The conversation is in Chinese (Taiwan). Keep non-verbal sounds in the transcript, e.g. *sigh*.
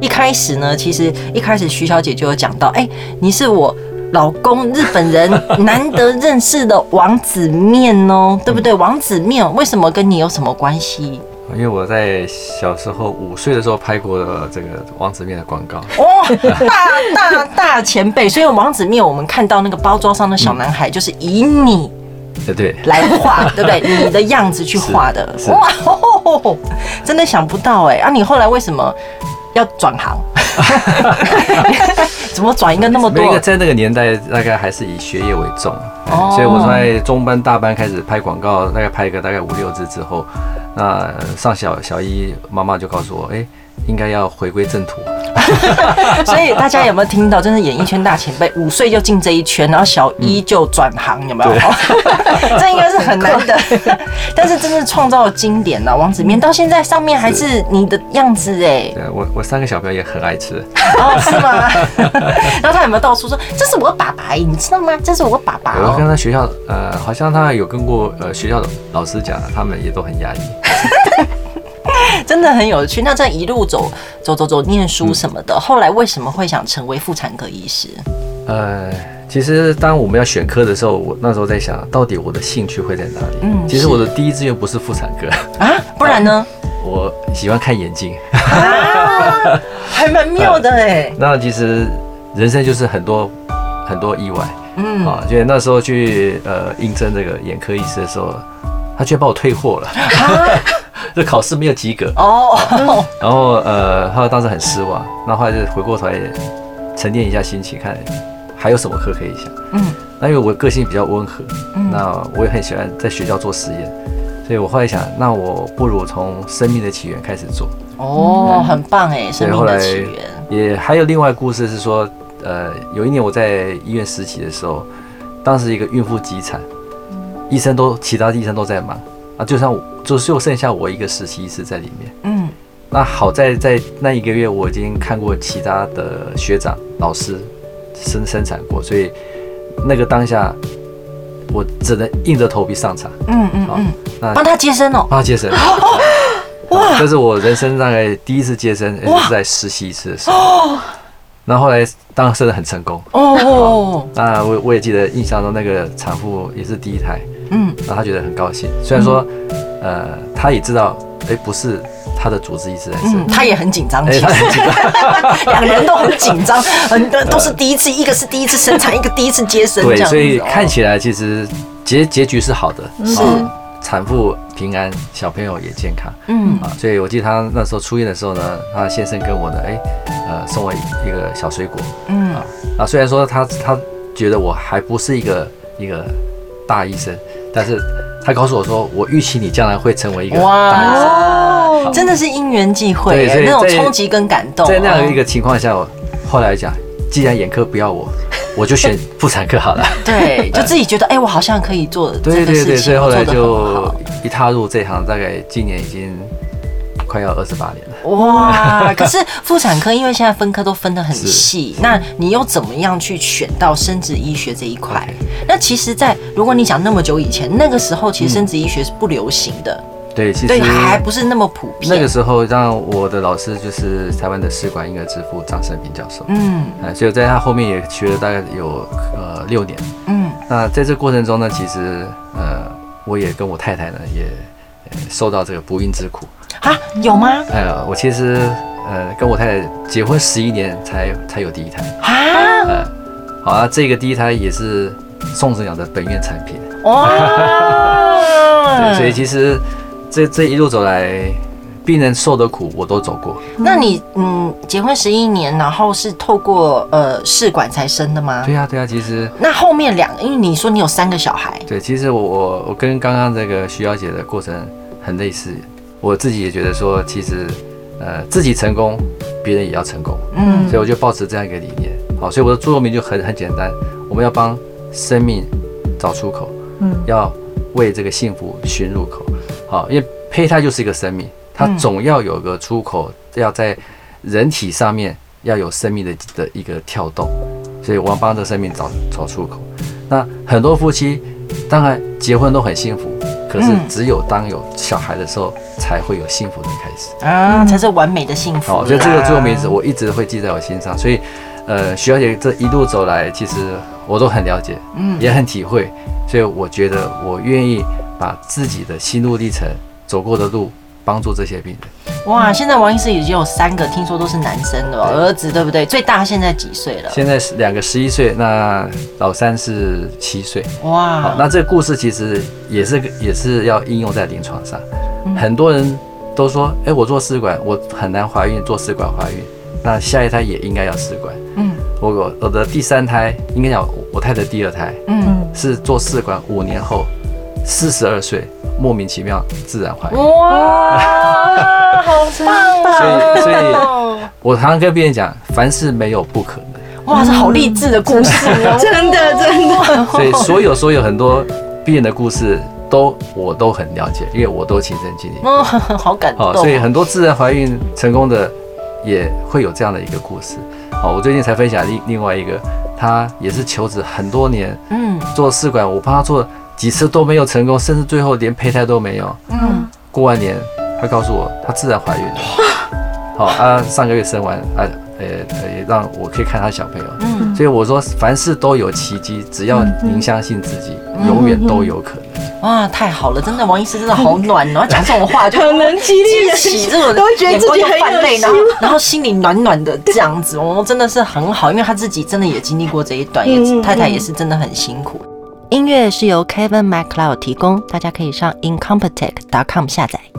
一開始呢，其實一開始徐小姐就有講到，哎、欸，你是我老公日本人難得認識的王子麵哦、喔，對不對？嗯、王子麵為什麼跟你有什麼關係？因為我在小時候五歲的時候拍過這個王子麵的廣告哦，大大大前輩， *laughs* 所以王子麵我們看到那個包裝上的小男孩就是以你對對來畫，對不對？你的樣子去畫的哇、哦，真的想不到哎、欸，啊，你後來為什麼？要轉行， *laughs* *laughs* 怎麼轉一個那麼多？在那個年代，大概還是以學業為重，所以我從中班、大班開始拍廣告，大概拍一個大概五六支之後，那上小小一，媽媽就告訴我，哎、欸。應該要回歸正途， *laughs* *laughs* 所以大家有沒有聽到？真、就是演藝圈大前輩，五歲就進這一圈，然後小一就轉行，嗯、有沒有？對 *laughs* *laughs* 這應該是很難的， *laughs* 但是真是創造了經典、啊、王子面到現在上面還是你的樣子哎、欸。對我我三個小朋友也很愛吃。哦 *laughs* *laughs* 是嗎？然後他有沒有到處說這是我爸爸？你知道嗎？這是我爸爸、喔。我跟他學校呃，好像他有跟過呃學校老師講，他們也都很壓抑。真的很有趣。那在一路走走走走念書什麼的，嗯、後來為什麼會想成為婦產科醫師？呃，其實當我們要選科的時候，我那時候在想到底我的興趣會在哪裡。嗯，其實我的第一志願不是婦產科啊，不然呢？啊、我喜歡看眼睛，啊、 *laughs* 還蠻妙的哎、欸呃。那其實人生就是很多很多意外。嗯啊，因為那時候去呃應徵這個眼科醫師的時候，他居然把我退貨了。啊 *laughs* 這考試沒有及格哦，oh. 然後呃，他當時很失望，然後，後來就回過頭來沉澱一下心情，看還有什麼課可以想。嗯，那因為我個性比較溫和，那、嗯、我也很喜歡在學校做實驗，所以我後來想，那我不如我從生命的起源開始做。哦、oh, 嗯，很棒耶，生命的起源。也還有另外一個故事是說，呃，有一年我在醫院實習的時候，當時一個孕婦急產，醫生都其他醫生都在忙。啊，就像就就剩下我一個實習醫師在裡面，嗯，那好在在那一個月我已經看過其他的學長老師生生產過，所以那個當下我只能硬着頭皮上場，嗯嗯嗯，嗯嗯那幫他接生哦，幫他接生，這、哦、是我人生大概第一次接生，哇也是在實習醫師的時候，那哇後，後來當然生得很成功，哦，那我我也記得印象中那個產婦也是第一胎。嗯，那他覺得很高興。雖然說，呃，他也知道，哎，不是他的主治醫生。嗯，他也很緊張。其實，兩人都很緊張，很多都是第一次，一個是第一次生產，一個第一次接生。對，所以看起來其實結結局是好的，是產婦平安，小朋友也健康。嗯啊，所以我記得他那時候出院的時候呢，他先生跟我的，哎，呃，送我一個小水果。嗯啊，雖然說他他覺得我還不是一個一個大醫生。但是他告訴我說：“我預期你將來會成為一個大醫生 Wow, 好真的是因緣際會，那種衝擊跟感動。在那樣一個情況下，我後來講，既然眼科不要我， *laughs* 我就選婦產科好了。 *laughs* 對，就自己覺得，哎、 *laughs* 欸，我好像可以做。對,對對對，所以後來就一踏入這行，大概今年已經。快要二十八年了哇！ *laughs* 可是婦產科因為現在分科都分得很細，那你又怎麼樣去選到生殖醫學這一塊？嗯、那其實在，在如果你講那麼久以前，那個時候其實生殖醫學是不流行的，嗯、對，其實還不是那麼普遍。那個時候，讓我的老師就是台灣的試管嬰兒之父張勝平教授，嗯，所以在他後面也學了大概有呃六年，嗯，那在這過程中呢，其實呃，我也跟我太太呢也，也受到這個不孕之苦。有嗎、哎？我其實呃跟我太太結婚十一年才才有第一胎啊蛤、嗯。好啊，這個第一胎也是送子鳥的本院產品、哦、 *laughs* 所以其實這這一路走來，病人受的苦我都走過。那你嗯結婚十一年，然後是透過呃試管才生的嗎？對啊，對啊。其實那後面兩，因為你說你有三個小孩，對，其實我我我跟剛剛這個徐小姐的過程很類似。我自己也覺得說，其實，呃，自己成功，別人也要成功，嗯，所以我就抱持這樣一個理念。好，所以我的座右銘就很很簡單：我們要幫生命找出口，嗯，要為這個幸福尋入口。好，因為胚胎就是一個生命，它總要有個出口，嗯、要在人體上面要有生命的的一個跳動，所以我要幫這個生命找找出口。那很多夫妻，當然結婚都很幸福，可是只有當有小孩的時候。嗯才會有幸福的開始啊、嗯！才是完美的幸福。我覺得這個座右銘，我我一直會記在我心上。所以，呃，徐小姐這一路走來，其實我都很了解，嗯，也很體會。所以，我覺得我願意把自己的心路歷程、走過的路，幫助這些病人。哇！現在王醫師已經有三個，聽說都是男生的對兒子，對不對？最大現在幾歲了？現在是兩個十一歲，那老三是七歲。哇，好！那這個故事其實也是也是要應用在臨床上。很多人都說，欸、我做試管，我很難懷孕，做試管懷孕，那下一胎也應該要試管。嗯，我我我的第三胎，應該要，我太太第二胎，嗯，是做試管五年後，四十二歲，莫名其妙自然懷孕。哇，好棒啊！ *laughs* 所以所以，我常常跟病人講，凡事沒有不可能。哇，這好勵志的故事，真的真的。所以所有所有很多病人的故事。都我都很了解，因為我都親身經歷。哦，好感動。好，所以很多自然懷孕成功的，也會有這樣的一個故事。啊，我最近才分享另另外一個，他也是求子很多年，嗯，做試管，我幫他做幾次都沒有成功，甚至最後連胚胎都沒有。嗯。過完年，他告訴我他自然懷孕了。啊，好，他，啊、上個月生完，啊，呃、欸欸，也讓我可以看他小朋友。嗯。所以我說，凡事都有奇蹟，只要您相信自己，嗯，永遠都有可能。嗯嗯嗯哇，太好了，真的，王醫師真的好暖哦！講這種話就可能激，的人激起這種眼光都覺得自己很有心呢。然後然後心裡暖暖的這樣子對 哦，真的是很好，因為他自己真的也經歷過這一段，也太太也是真的很辛苦。嗯嗯嗯音樂是由 Kevin MacLeod 提供，大家可以上 incompetech.com 下載。